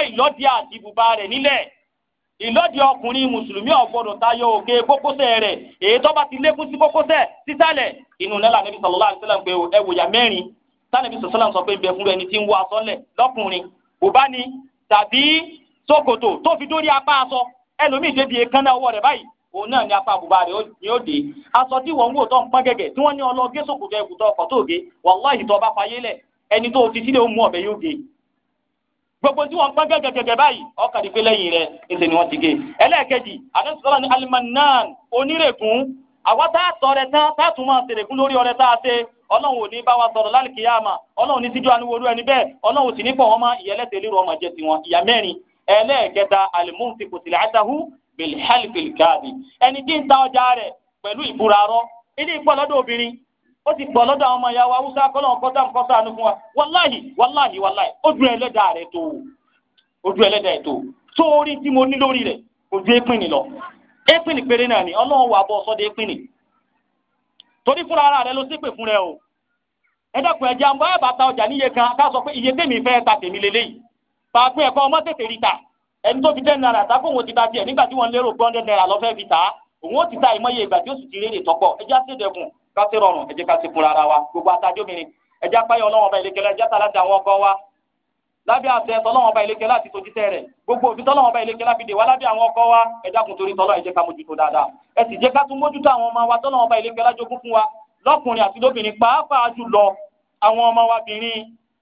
ìlọ́dì ọkùnrin mùsùlùmí ọ̀gbọ́dọ̀ tayọ òkè kókósẹ̀ rẹ̀ èyí tó bá ti lékún sí kókósẹ̀ sísàlẹ̀ inú nílà níbi sallallahu alaihi wasallam pé ẹwòyà mẹ́rin sálẹ̀ níbi sallallahu sọ pé bẹ fún ẹni tí ń wọ aṣọ lẹ̀ lọ́kùnrin bùbá ni tàbí ṣòkòtò tó fi dórí apá aṣọ ẹlòmíì débi èékánná ọwọ́ rẹ̀ báyìí òun náà ní apá àbùbá rẹ̀ ni ó dé aṣọ tí wọ́n ń wò tó ń pọ́n gẹ́gẹ́ tí wọ́n ní ọlọ́gẹ́sòkòtò ẹ̀kútọ́ ọkọ̀ tó gé wàláhì tó bá fayé lẹ̀ ẹni tó ti sílẹ̀ ó mú ọ̀bẹ yóò gé gbogbo tí wọn gbọn gẹgẹgẹgẹ báyìí ọkàn ìpè lẹ́yìn rẹ ẹsẹ ni wọn ti gé ẹlẹ́ẹ̀kejì àdéhùsọlá ní alimannan onírègùn àwa tá a tọrẹ tán tá a tún máa tẹrẹkún lórí ọrẹ tá a ṣe Ọlọ́run ò ní bá wa sọ̀rọ̀ lálùkìyàmà Ọlọ́run ní síjú anuworu ẹni bẹ́ẹ̀ Ọlọ́run sì ní pọ wọn má ìyẹlẹsẹ lérò ọmọ jẹ tiwọn ìyá mẹ́rin ẹlẹ́ẹ̀kẹta alimunfi kò tilẹ̀ àtàhù bilhali bilkaabi ẹni tí ń ta ọjà rẹ pẹ̀lú ìbúra rọ ilé ìpọlọdọ obìnrin ó ti pọ̀ lọ́dọ̀ àwọn ọmọ ìyá wa haúsá kọ́lọ́n kọ́tà ń kọ́tà àánú fún wa wàláhì wàláhì wàláhì ojú ẹlẹ́dàá rẹ̀ tó ojú ẹlẹ́dàá rẹ̀ tó sórí tí mo ní lórí rẹ̀ ojú épìnì lọ épìnì péré náà ni ọlọ́run wà bọ́ sọ́dọ̀ épìnì torí fúnra ara rẹ̀ ló ṣépè fún rẹ o ẹ dẹ́kun ẹ̀jẹ̀ àwọn báyà bàtà ọjà níye kan ká sọ pé iye tèmi fẹ́ ta tèmi lélẹ́yìí pàápín ẹ̀kọ́ ọmọ tètè rí ta ẹni tó fi ten naira ta kóhun ti ta tiẹ̀ nígbà tí wọ́n lérò two hundred naira lọ́fẹ́ fi ta òun ó ti ta ìmọ̀ye ìgbà tí ó sì ti rérè tọ́pọ̀ ẹjẹ́ á ṣèdẹ̀kùn kásì rọrùn ẹ jẹ́ kásì fúnra ara wa gbogbo àtàjọ mi ni ẹ jẹ́ apáyọ Ọlọ́run ọba ìlẹkẹlẹ ẹ jẹ́ àtàlájà àwọn ọkọ wa lábẹ́ àṣẹ tọ́lọ́wọ́n ọba ìlẹkẹlẹ àti tòjútẹ́ rẹ̀ gbogbo òbí tọ́lọ́wọ́n ọba ìlẹkẹlẹ àfi dè wá lábẹ́ àwọn ọkọ wa ẹ jákun torí tọ́lọ́ ẹ jẹ́ ká mójútó dáadáa ẹ sì jẹ́ ká tún mójútó àwọn ọmọ wa tọ́lọ́wọ́n ọba ìlẹkẹlẹ jogún fún wa lọ́kùnrin àti lóbìnrin pàápàá jùlọ àwọn ọmọ wa bìnrin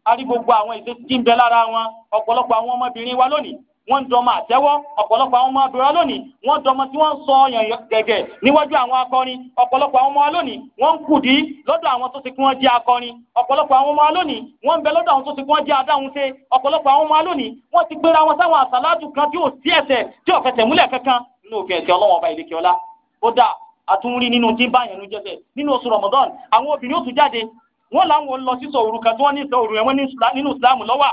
a gbogbo àwọn ìṣesí wọ́n ń dọmọ àtẹ́wọ́ ọ̀pọ̀lọpọ̀ àwọn ọmọ abirọ lónìí wọ́n dọmọ tí wọ́n ń sọ ọyàn gẹ̀gẹ̀ níwájú àwọn akọrin ọ̀pọ̀lọpọ̀ àwọn ọmọ lónìí wọ́n ń kùdí lọ́dọ̀ àwọn tó ti kí wọ́n jẹ́ akọrin ọ̀pọ̀lọpọ̀ àwọn ọmọ lónìí wọ́n ń bẹ lọ́dọ̀ àwọn tó ti kí wọ́n jẹ́ adáhunṣe ọ̀pọ̀lọpọ̀ àwọn ọmọ lónìí wọ́n ti gbéra wọn sáwọn àsàlátù kan tí ò sí ẹsẹ̀ tí ò fẹsẹ̀ múlẹ̀ kankan nínú òfin ẹ̀sẹ̀ ọlọ́wọ́n ọba Ramadan àwọn obìnrin ó tún jáde wọ́n làwọn lọ sísọ òru kan tí wọ́n ní ìsọ òru yẹn wọ́n nínú Islam lọ́wà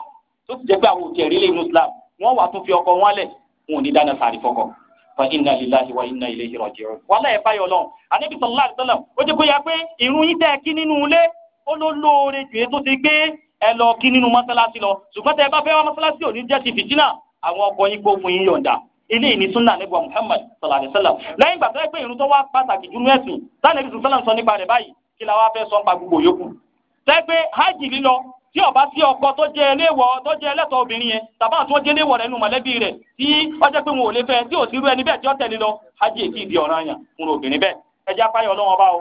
tó ti jẹ́ pé àwọn òkè rí lé inú Islam wọ́n wà tún fi ọkọ wọn lẹ̀ wọn ò ní dáná sàárì fọkọ fa inna lillahi wa inna ilayhi raji'un. wàhálà ẹ̀ báyọ̀ lọ anabi sallallahu alayhi wa sallam ó ti kó ya pé ìrun yín tẹ́ ẹ kí nínú ilé ó ló lóore jù é tó ti gbé ẹ lọ kí nínú mọ́sálásí lọ ṣùgbọ́n tẹ́ ẹ bá fẹ́ wá mọ́sálásí ò ní jẹ́ ti fìtínà àwọn ọkọ yín gbógun yín yọ̀ǹda ilé ìní sunna anabi muhammad sallallahu alayhi lẹ́yìn ìgbà pé ìrun tó wá pàtàkì jù ẹ̀sìn tí ọba sí ọkọ tó jẹ eléwọ tó jẹ ẹlẹtọ obìnrin yẹn tàbá tó jẹ eléwọ rẹ nu mọ̀lẹ́bí rẹ tí ọjọ́ pé wọn ò lè fẹ́ tí ò sí irú ẹni bẹ́ẹ̀ tí ó tẹ̀lé lọ hajj èkì ìdí ọ̀ràn yàn fún obìnrin bẹ́ẹ̀ ẹjẹ apáyọ Ọlọ́run ọba o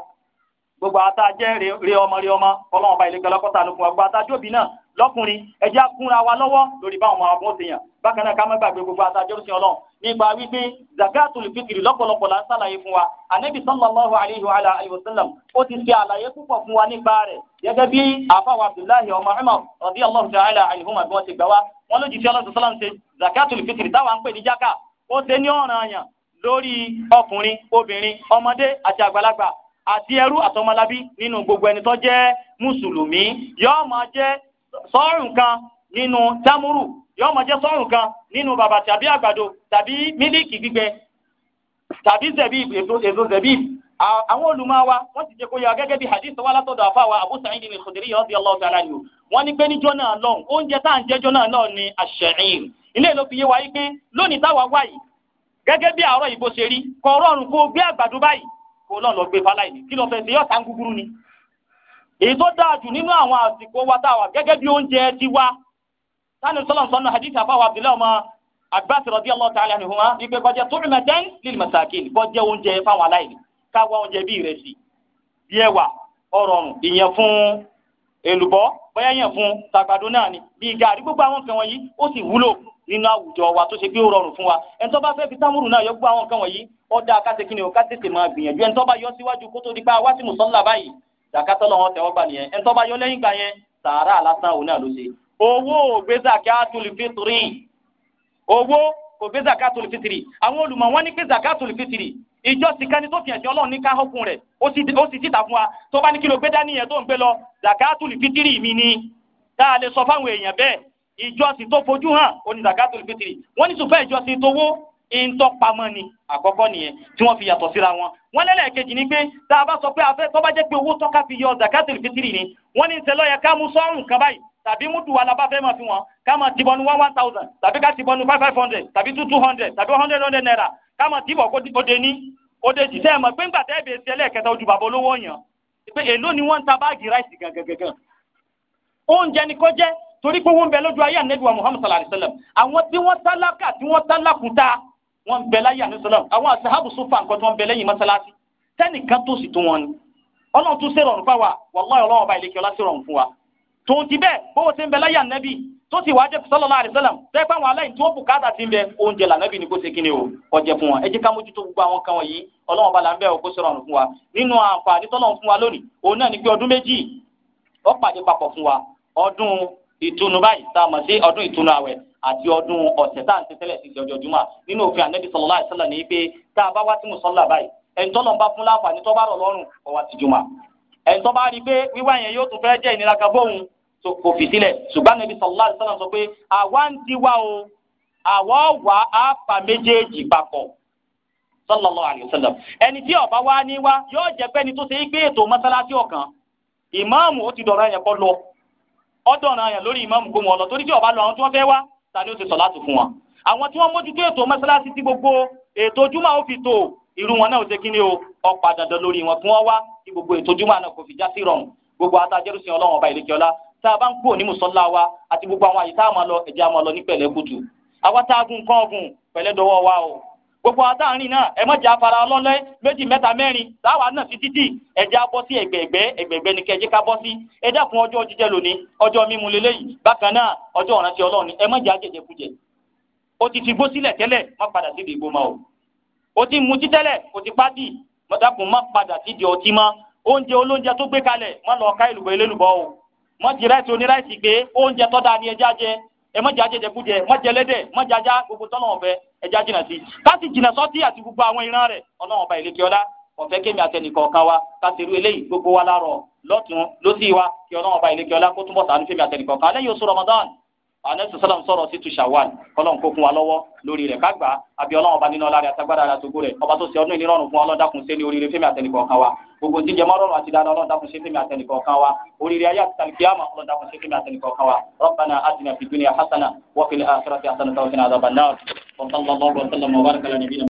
gbogbo ata jẹ re ọmọ re ọmọ Ọlọ́run ọba ìlẹgbẹ lọkọta ló fún wa gbogbo ata jóbi náà lọkùnrin ẹjẹ akúnra wa lọ́wọ́ lórí báwọn ọmọ abọ́ nípa wípé zakatul fitiri lọ́pọ̀lọpọ̀ la ń sàlàyé fún wa anabi sallallahu alayhi wa alayhi wa sallam ó ti fi àlàyé púpọ̀ fún wa nípa rẹ̀ gẹ́gẹ́ bí àfàwọn abdullahi ọmọ umar radiyallahu ta'ala anhuma bí wọ́n ti gbà wá wọn ló jìṣẹ́ ọlọ́sọ̀ sọ́lá ń ṣe zakatul fitiri táwọn pè ní jáka ó ṣe ní ọ̀ranyàn lórí ọkùnrin obìnrin ọmọdé àti àgbàlagbà àti ẹrú àtọmọlábí nínú gbogbo ẹni tó jẹ́ mùsùlùmí yóò nínú tamuru yóò máa jẹ́ sọ́ọ̀rùn kan nínú bàbà tàbí àgbàdo tàbí mílíkì gbígbẹ tàbí zẹ̀bíb èso zẹ̀bíb àwọn olùmọ̀wá wọ́n ti jẹ́ kó gẹ́gẹ́ bí hadith wà látọ̀dọ̀ àfàwà Abu Sa'id al-Khudri radiyallahu wọ́n ní ni àṣẹ̀yìn ilé ló fi yé wa yí pé lónìí táwa wà yìí gẹ́gẹ́ bí àárọ̀ ìbò ṣe ní kí lọ fẹ́ ṣe ń gúgúrú ni èyí tó dáa jù nínú wa táwa gẹ́gẹ́ bí oúnjẹ ti sani sọlọ nsọlọ hadith abawo abdullahi ọmọ abbas radiyallahu ta'ala anhuma ipe kọjá tu'matan lil masakin kọjá oúnjẹ fáwọn aláìní káwá oúnjẹ bíi ìrẹsì bíi ẹ̀wà ọrọrùn ìyẹn fún èlùbọ́ bóyá yẹn fún tàgbàdo náà ni bíi gàrí gbogbo àwọn nǹkan wọ̀nyí ó sì wúlò nínú àwùjọ wa tó ṣe pé ó rọrùn fún wa ẹni tó bá fẹ́ fi támúrù náà yọ gbogbo àwọn nǹkan wọ̀nyí ó dáa ká ṣe kí ni o ká tètè máa gbìyànjú ẹni tó bá yọ síwájú kó tó di pa wá sí mùsọ́lá báyìí dàkátọ́ lọ́wọ́ tẹ̀wọ́ gbà nìyẹn ẹni bá yọ lẹ́yìn gbà yẹn sàárà lásán òun náà ló ṣe owó ògbé zakatul fitri owó ògbé zakatul fitri àwọn olùmọ̀ wọn ní pé zakatul fitri ìjọsìn kan ní tó fi ẹ̀sìn ọlọ́run ní ká hókun rẹ̀ ó sì síta fún wa tó bá ní kí ló gbé dání yẹn tó ń gbé lọ zakatul fitiri mi ni tá a lè sọ fáwọn èèyàn bẹ́ẹ̀ ìjọsìn tó fojú hàn ó ní zakatul fitiri wọ́n ní sùfẹ́ ìjọsìn tówó ìǹtọ́pamọ́ ni àkọ́kọ́ nìyẹn tí wọ́n fi yàtọ̀ síra wọn wọ́n lẹ́lẹ́kejì ni pé tá a bá sọ pé afẹ́ tó bá jẹ́ pé owó tọ́ka fi yọ zakatul fitiri ni wọ́n ní ìṣẹ̀lọ́ yẹ ká mú sọ́rùn kan báyìí tàbí mútu wa la bá fẹ́ mọ̀ fún wọn ká mọ̀ tìbọn one thousand tàbí ká tìbọn ní five five hundred tàbí two two hundred tàbí one hundred hundred naira ká mọ̀ tìbọn odeni, de ní ó de jì sẹ́yìn mọ̀ pé ńgbà tẹ́ ẹ̀ bẹ̀ ojú bàbá olówó yàn pé èló ni wọ́n ń ta báàgì ráìsì gangan oúnjẹ ni kò jẹ́ torí pé wọ́n ń bẹ lójú ayé ànábì wa Muhammad sallallahu alayhi wa sallam àwọn tí wọ́n tálákà tí wọ́n tálákùúta wọ́n ń bẹ láyé ànábì sallam àwọn àṣàhábù sófà nǹkan tó ń bẹ lẹ́yìn mọ́sálásí tẹ́nìkan tó sì tó wọn ni ọlọ́run tó ṣèrọ̀rùn fáwa wàláhì ọlọ́run ọba ìlẹ́kẹ́ ọlá ṣèrọ̀rùn wa tòun ti bẹ́ẹ̀ bó o ti ń bẹ láyà nẹ́bí tó sì wá jẹ́ sallallahu alaihi wasallam tẹ́ pé àwọn aláìní tó bùkátà ti ń bẹ oúnjẹ là nẹ́bí ni kó ṣe kí ni o ọjẹ fún wọn ẹ jẹ́ ká mójútó gbogbo àwọn kan wọ̀nyí ọlọ́run bala ń bẹ̀ kó sọ̀rọ̀ fún wa nínú àǹfààní tọ́lọ́run fún wa lónìí òun náà ni pé ọdún méjì ó pàdé papọ̀ fún wa ọdún ìtùnú báyìí tá a mọ̀ sí ọdún ìtùnú àwẹ̀ àti ọdún ọ̀sẹ̀ tá à ń ṣe tẹ́lẹ̀ sí ọjọ́ jùmọ̀ nínú òfin ànẹ́bí sallallahu ni pé tá a bá wá sí mùsọ́lá báyìí ẹni tọ́lọ́ ń bá rí i pé wíwá yẹn yóò tún fẹ́ jẹ́ ìnira kan bóun kò fi sílẹ̀ ṣùgbọ́n Ànábì sallallahu alaihi wasallam sọ pé àwa ń tiwa o àwọ̀ wà á pa méjèèjì papọ̀ sallallahu alaihi wasallam ẹni tí ó wa wá ní wá yóò jẹ́ pé ẹni tó ṣe é gbé ètò mọ́sálásí ọ̀kan ìmáàmù ó ti dọ̀rọ̀ yẹn kọ́ lọ ọ̀dọ̀ ọ̀ràn yẹn lórí ìmáàmù kó wọn lọ torí tí ó bá lọ àwọn tí wọ́n fẹ́ wá ta ni ó ti sọ láti fún wọn àwọn tí wọ́n mójútó ètò mọ́sálásí tí gbogbo ètò júmọ̀ ó fi tó irú wọn náà ó ṣe kí ni o ọ̀pá dandan lórí wọn kí wọ́n wá kí gbogbo ètò júmọ̀ náà kò fi já sí rọrùn gbogbo ata ọlọ́run ọba ìlẹ́kẹ́ ọlá tá a bá ń kúrò ní mùsọ́lá wa àti gbogbo àwọn àyè tá a máa lọ ẹ̀jẹ̀ a máa lọ ní pẹ̀lẹ́ kùtù àwa tá a gun nǹkan ọ̀gùn pẹ̀lẹ́ dọwọ́ wa o gbogbo àtàrin náà ẹ má jẹ́ afara ọlọ́lẹ́ méjì mẹ́ta mẹ́rin láwa náà sí títì ẹ̀jẹ̀ á sí ẹ̀gbẹ̀ẹ̀gbẹ́ ẹ̀gbẹ̀ẹ̀gbẹ́ ni kẹ́jẹ́ ká bọ́ sí ẹ dákun ọjọ́ jíjẹ lónìí ọjọ́ mímu lélẹ́yìí bákan náà ọjọ́ ọ̀rántí Ọlọ́run ni ẹ má jẹ́ àjẹjẹ kújẹ o ti ti gbó sílẹ̀ tẹ́lẹ̀ má padà sí ìdìbò ma o o ti mutí tẹ́lẹ̀ o ti pátì dákun má padà sí ìdì ọtí ma oúnjẹ olóúnjẹ tó gbé kalẹ̀ má lọ ká ìlùbọ̀ elélùbọ̀ o wọ́n ti ráìsì oníráìsì pé oúnjẹ tó dáa ni ẹja jẹ ẹ mọ̀ jẹ́ ajẹ́jẹkújẹ mọ̀ jẹ́ lédè mọ̀ jẹ́ ajá gbogbo tọ́nà ọ̀fẹ́ ẹja jìnà sí i káàsì jìnà sọ́tì àti gbogbo àwọn ìran rẹ̀ ọlọ́run ọba ìlẹ́kẹ́ ọlá ọ̀fẹ́ kémi àtẹnìkọ̀ kan wa kásìrú eléyìí gbogbo wa lárọ̀ lọ́tún lọ́sí wa kí ọlọ́run ọba ìlẹ́kẹ́ ọlá kó túnbọ̀ ṣàánú fẹ́mi àtẹnìkọ̀ kan lẹ́yìn oṣù Ramadan anabi sọlá ń sọ̀rọ̀ títú shawal kọlọ́n kó fún wa lọ́wọ́ lórí rẹ̀ kágbà àbí ọlọ́run ọba nínú ọlá rẹ̀ àtagbára rẹ̀ àtògbó rẹ̀ ọba tó ṣe ọdún ìnirọ̀rùn fún ọlọ́run dákun ṣe ní oríire fẹ́mi àtẹnìkọ̀ kan wa gbogbo jíjẹ mọ́rọ̀rùn àti dáadáa ọlọ́run dákun ṣe fẹ́mi àtẹnìkọ̀ kan wa oríire ayé àti tàlìkíyàmà ọlọ́run dákun ṣe fẹ́mi àtẹnìkọ̀ wa rabbana atina fid dunya hasana wa fil akhirati hasana wa